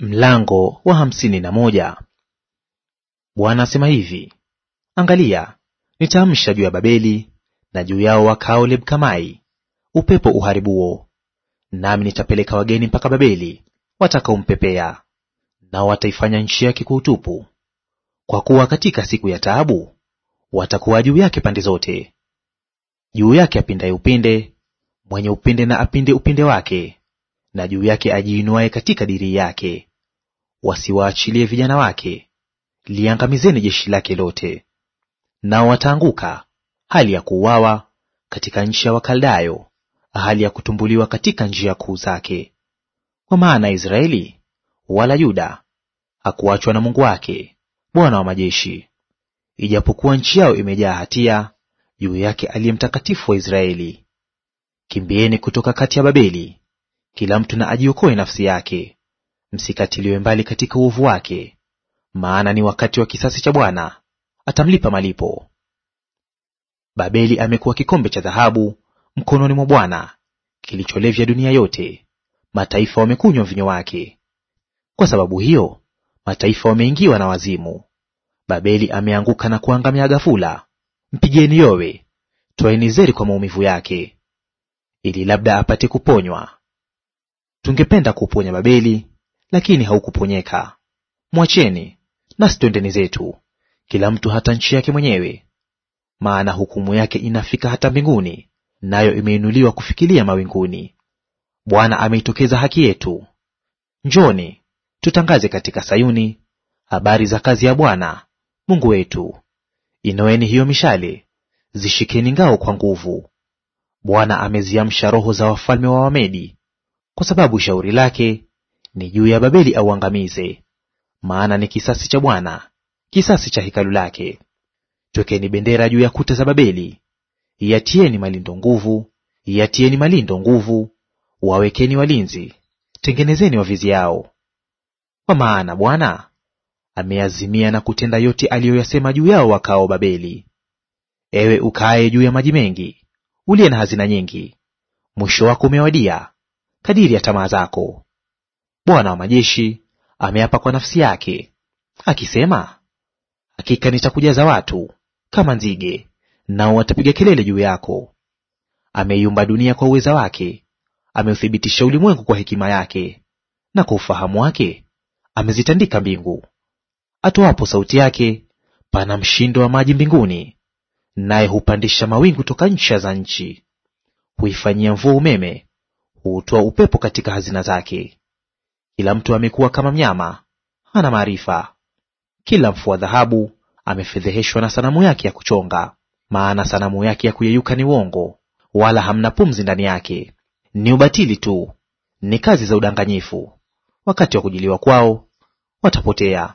Mlango wa hamsini na moja. Bwana asema hivi: Angalia, nitaamsha juu ya Babeli na juu yao wakao Lebkamai upepo uharibuo, nami nitapeleka wageni mpaka Babeli watakaompepea, nao wataifanya nchi yake kwa utupu, kwa kuwa katika siku ya taabu watakuwa juu yake pande zote, juu yake apindaye upinde, mwenye upinde na apinde upinde wake, na juu yake ajiinuaye katika dirii yake wasiwaachilie vijana wake; liangamizeni jeshi lake lote. Nao wataanguka hali ya kuuawa katika nchi ya Wakaldayo, hali ya kutumbuliwa katika njia kuu zake. Kwa maana Israeli wala Yuda hakuachwa na Mungu wake Bwana wa majeshi, ijapokuwa nchi yao imejaa hatia juu yake aliye mtakatifu wa Israeli. Kimbieni kutoka kati ya Babeli, kila mtu na ajiokoe nafsi yake, msikatiliwe mbali katika uovu wake, maana ni wakati wa kisasi cha Bwana, atamlipa malipo. Babeli amekuwa kikombe cha dhahabu mkononi mwa Bwana, kilicholevya dunia yote; mataifa wamekunywa mvinyo wake. Kwa sababu hiyo mataifa wameingiwa na wazimu. Babeli ameanguka na kuangamia ghafula. Mpigeni yowe, twaeni zeri kwa maumivu yake, ili labda apate kuponywa. Tungependa kuponya Babeli lakini haukuponyeka. Mwacheni nasi twendeni zetu, kila mtu hata nchi yake mwenyewe. Maana hukumu yake inafika hata mbinguni, nayo imeinuliwa kufikilia mawinguni. Bwana ameitokeza haki yetu. Njoni tutangaze katika Sayuni habari za kazi ya Bwana Mungu wetu. Inoeni hiyo mishale, zishikeni ngao kwa nguvu. Bwana ameziamsha roho za wafalme wa Wamedi, kwa sababu shauri lake ni juu ya Babeli auangamize, maana ni kisasi cha Bwana, kisasi cha hekalu lake. Twekeni bendera juu ya kuta za Babeli, yatieni malindo nguvu, yatieni malindo nguvu, wawekeni walinzi, tengenezeni wavizi yao. Kwa maana Bwana ameazimia na kutenda yote aliyoyasema juu yao wakao Babeli. Ewe ukaye juu ya maji mengi, uliye na hazina nyingi, mwisho wako umewadia, kadiri ya tamaa zako. Bwana wa majeshi ameapa kwa nafsi yake akisema, hakika nitakujaza watu kama nzige, nao watapiga kelele juu yako. Ameiumba dunia kwa uweza wake, ameuthibitisha ulimwengu kwa hekima yake, na kwa ufahamu wake amezitandika mbingu. Atoapo sauti yake, pana mshindo wa maji mbinguni, naye hupandisha mawingu toka ncha za nchi. Huifanyia mvua umeme, huutoa upepo katika hazina zake. Kila mtu amekuwa kama mnyama, hana maarifa. Kila mfua dhahabu amefedheheshwa na sanamu yake ya kuchonga. Maana sanamu yake ya kuyeyuka ni uongo, wala hamna pumzi ndani yake; ni ubatili tu, ni kazi za udanganyifu. Wakati wa kujiliwa kwao watapotea.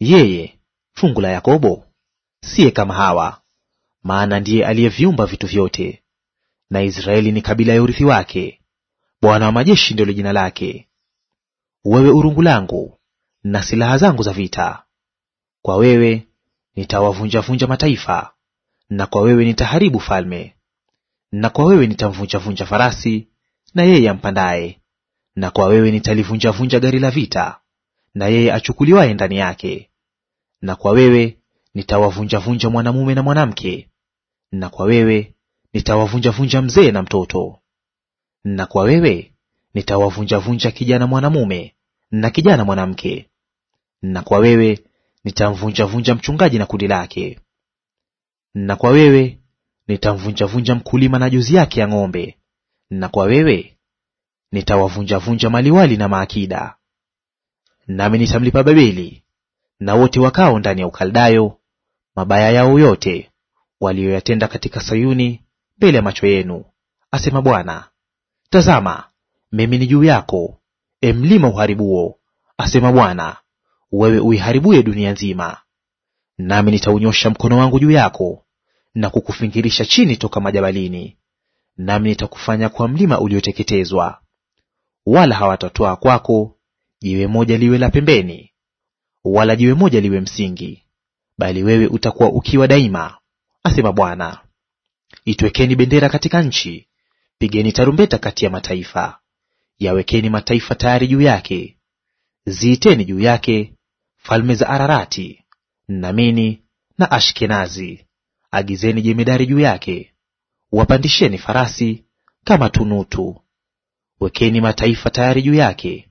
Yeye fungu la Yakobo siye kama hawa, maana ndiye aliyeviumba vitu vyote, na Israeli ni kabila ya urithi wake. Bwana wa majeshi ndilo jina lake wewe urungu langu na silaha zangu za vita. Kwa wewe nitawavunjavunja mataifa, na kwa wewe nitaharibu falme, na kwa wewe nitamvunjavunja farasi na yeye ampandaye, na kwa wewe nitalivunjavunja gari la vita na yeye achukuliwaye ndani yake, na kwa wewe nitawavunjavunja mwanamume na mwanamke, na kwa wewe nitawavunjavunja mzee na mtoto, na kwa wewe nitawavunjavunja kijana mwanamume na kijana mwanamke, na kwa wewe nitamvunjavunja mchungaji na kundi lake, na kwa wewe nitamvunjavunja mkulima na jozi yake ya ng'ombe, na kwa wewe nitawavunjavunja maliwali na maakida. Nami nitamlipa Babeli na wote wakao ndani ya Ukaldayo mabaya yao yote waliyoyatenda katika Sayuni mbele ya macho yenu, asema Bwana. Tazama, mimi ni juu yako e mlima uharibuo, asema Bwana, wewe uiharibuye dunia nzima. Nami nitaunyosha mkono wangu juu yako na kukufingirisha chini toka majabalini, nami nitakufanya kwa mlima ulioteketezwa, wala hawatatwaa kwako jiwe moja liwe la pembeni, wala jiwe moja liwe msingi, bali wewe utakuwa ukiwa daima, asema Bwana. Itwekeni bendera katika nchi, pigeni tarumbeta kati ya mataifa. Yawekeni mataifa tayari juu yake, ziiteni juu yake falme za Ararati, Namini na Ashkenazi. Agizeni jemedari juu yake, wapandisheni farasi kama tunutu. Wekeni mataifa tayari juu yake,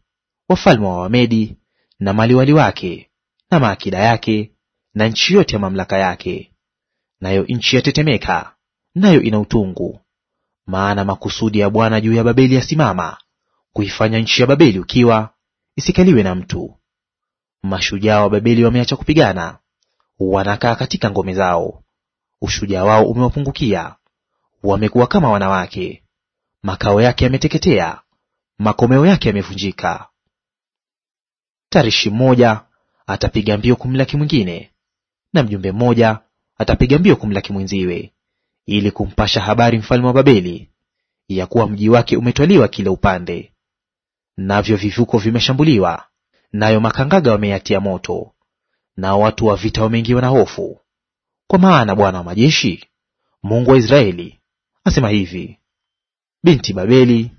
wafalme wa Wamedi na maliwali wake na maakida yake na nchi yote ya mamlaka yake. Nayo nchi yatetemeka, nayo ina utungu, maana makusudi ya Bwana juu ya Babeli yasimama, kuifanya nchi ya Babeli ukiwa, isikaliwe na mtu. Mashujaa wa Babeli wameacha kupigana, wanakaa katika ngome zao. Ushujaa wao umewapungukia, wamekuwa kama wanawake. Makao yake yameteketea, makomeo yake yamevunjika. Tarishi mmoja atapiga mbio kumlaki mwingine, na mjumbe mmoja atapiga mbio kumlaki mwenziwe, ili kumpasha habari mfalme wa Babeli ya kuwa mji wake umetwaliwa kila upande navyo vivuko vimeshambuliwa, nayo makangaga wameyatia moto, nao watu wa vita wameingiwa na hofu. Kwa maana Bwana wa majeshi, Mungu wa Israeli, asema hivi, binti Babeli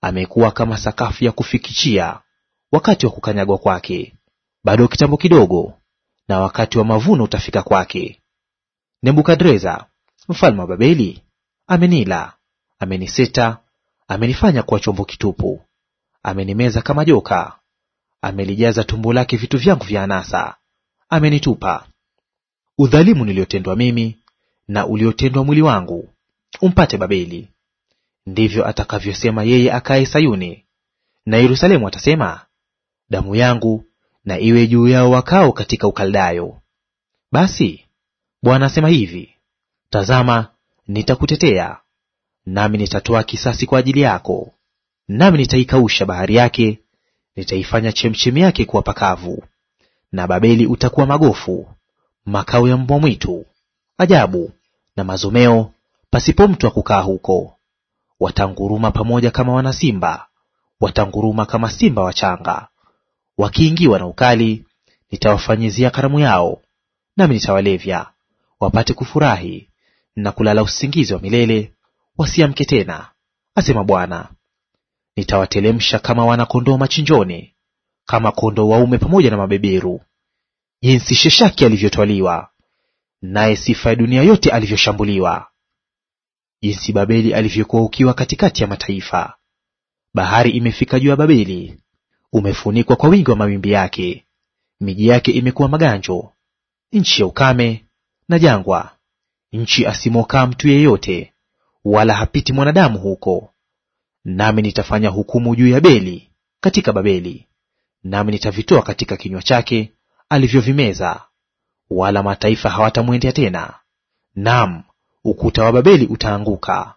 amekuwa kama sakafu ya kufikichia wakati wa kukanyagwa kwake, bado kitambo kidogo, na wakati wa mavuno utafika kwake. Nebukadreza mfalme wa Babeli amenila, ameniseta, amenifanya kuwa chombo kitupu amenimeza kama joka, amelijaza tumbo lake vitu vyangu vya anasa, amenitupa. Udhalimu niliotendwa mimi na uliotendwa mwili wangu umpate Babeli. Ndivyo atakavyosema yeye akaye Sayuni, na Yerusalemu atasema, damu yangu na iwe juu yao wakao katika Ukaldayo. Basi Bwana asema hivi, tazama, nitakutetea nami nitatoa kisasi kwa ajili yako, Nami nitaikausha bahari yake, nitaifanya chemchemi yake kuwa pakavu, na Babeli utakuwa magofu, makao ya mbwa mwitu, ajabu na mazomeo, pasipo mtu wa kukaa huko. Watanguruma pamoja kama wanasimba watanguruma kama simba wachanga. Wakiingiwa na ukali, nitawafanyizia karamu yao, nami nitawalevya, wapate kufurahi na kulala usingizi wa milele, wasiamke tena, asema Bwana nitawatelemsha kama wanakondoo machinjoni, kama kondoo waume pamoja na mabeberu. Jinsi Sheshaki alivyotwaliwa, naye sifa ya dunia yote alivyoshambuliwa! Jinsi Babeli alivyokuwa ukiwa katikati ya mataifa! Bahari imefika juu ya Babeli, umefunikwa kwa wingi wa mawimbi yake. Miji yake imekuwa maganjo, nchi ya ukame na jangwa, nchi asimokaa mtu yeyote, wala hapiti mwanadamu huko. Nami nitafanya hukumu juu ya Beli katika Babeli, nami nitavitoa katika kinywa chake alivyovimeza, wala mataifa hawatamwendea tena; naam, ukuta wa Babeli utaanguka.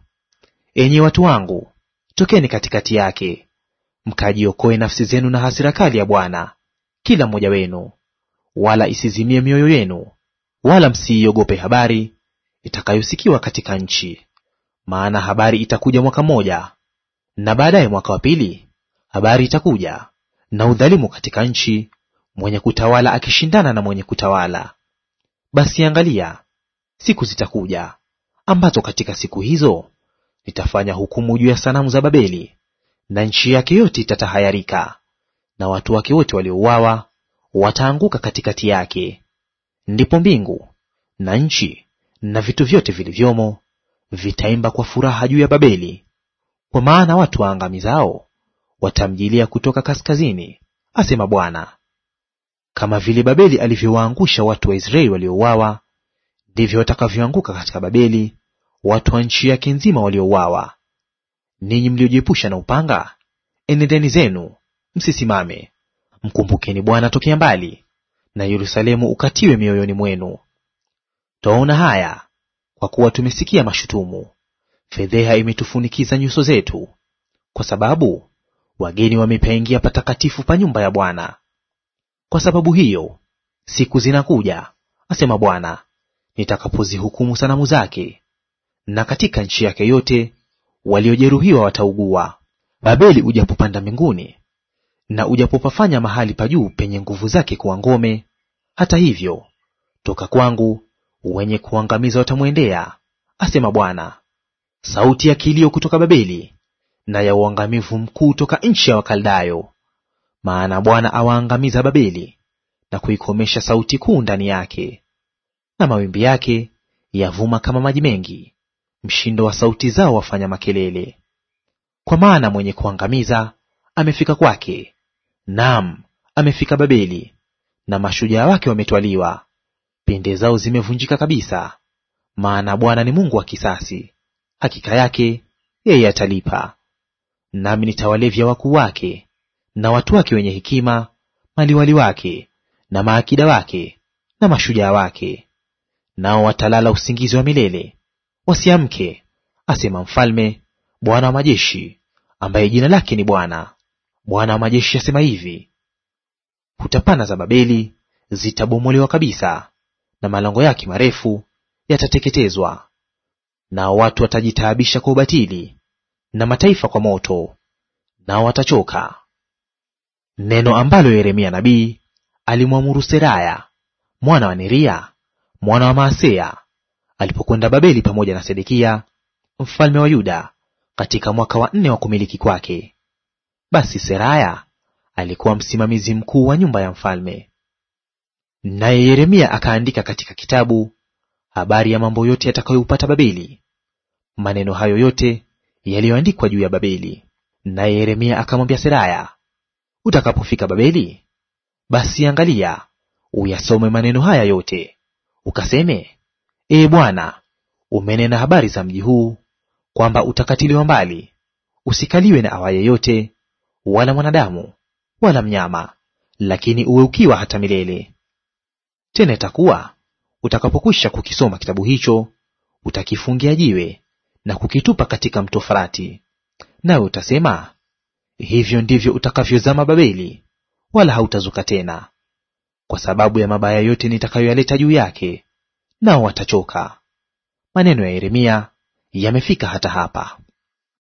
Enyi watu wangu, tokeni katikati yake, mkajiokoe nafsi zenu na hasira kali ya Bwana kila mmoja wenu, wala isizimie mioyo yenu, wala msiiogope habari itakayosikiwa katika nchi. Maana habari itakuja mwaka mmoja na baadaye mwaka wa pili habari itakuja na udhalimu katika nchi, mwenye kutawala akishindana na mwenye kutawala. Basi angalia, siku zitakuja ambazo katika siku hizo nitafanya hukumu juu ya sanamu za Babeli, na nchi yake yote itatahayarika, na watu wake wote waliouawa wataanguka katikati yake. Ndipo mbingu na nchi na vitu vyote vilivyomo vitaimba kwa furaha juu ya Babeli, kwa maana watu waangamizao watamjilia kutoka kaskazini, asema Bwana. Kama vile Babeli alivyowaangusha watu wa Israeli waliouawa, ndivyo watakavyoanguka katika Babeli watu wa nchi yake nzima waliouawa. Ninyi mliojiepusha na upanga, enendeni zenu, msisimame. Mkumbukeni Bwana tokea mbali, na Yerusalemu ukatiwe mioyoni mwenu. Twaona haya, kwa kuwa tumesikia mashutumu. Fedheha imetufunikiza nyuso zetu, kwa sababu wageni wamepaingia patakatifu pa nyumba ya Bwana. Kwa sababu hiyo siku zinakuja, asema Bwana, nitakapozihukumu sanamu zake, na katika nchi yake yote waliojeruhiwa wataugua. Babeli ujapopanda mbinguni na ujapopafanya mahali pa juu penye nguvu zake kuwa ngome, hata hivyo toka kwangu wenye kuangamiza watamwendea, asema Bwana sauti ya kilio kutoka Babeli na ya uangamivu mkuu toka nchi ya Wakaldayo. Maana Bwana awaangamiza Babeli na kuikomesha sauti kuu ndani yake, na mawimbi yake yavuma kama maji mengi, mshindo wa sauti zao wafanya makelele. Kwa maana mwenye kuangamiza amefika kwake, naam, amefika Babeli, na mashujaa wake wametwaliwa, pinde zao zimevunjika kabisa, maana Bwana ni Mungu wa kisasi, hakika yake yeye atalipa. Nami nitawalevya wakuu wake na watu wake wenye hekima, maliwali wake na maakida wake na mashujaa wake, nao watalala usingizi wa milele wasiamke, asema Mfalme, Bwana wa majeshi, ambaye jina lake ni Bwana. Bwana wa majeshi asema hivi: kuta pana za Babeli zitabomolewa kabisa, na malango yake marefu yatateketezwa. Nao watu watajitaabisha kwa ubatili, na mataifa kwa moto, nao watachoka. Neno ambalo Yeremia nabii alimwamuru Seraya mwana wa Neria mwana wa Maaseya alipokwenda Babeli pamoja na Sedekia mfalme wa Yuda katika mwaka wa nne wa kumiliki kwake. Basi Seraya alikuwa msimamizi mkuu wa nyumba ya mfalme. Naye Yeremia akaandika katika kitabu habari ya mambo yote yatakayoupata Babeli, maneno hayo yote yaliyoandikwa juu ya Babeli. Naye Yeremia akamwambia Seraya, utakapofika Babeli, basi angalia uyasome maneno haya yote, ukaseme, Ee Bwana, umenena habari za mji huu kwamba utakatiliwa mbali, usikaliwe na awaye yote, wala mwanadamu wala mnyama, lakini uwe ukiwa hata milele. Tena itakuwa Utakapokwisha kukisoma kitabu hicho, utakifungia jiwe na kukitupa katika mto Frati, nawe utasema, hivyo ndivyo utakavyozama Babeli, wala hautazuka tena, kwa sababu ya mabaya yote nitakayoyaleta juu yake, nao watachoka. Maneno ya Yeremia yamefika hata hapa.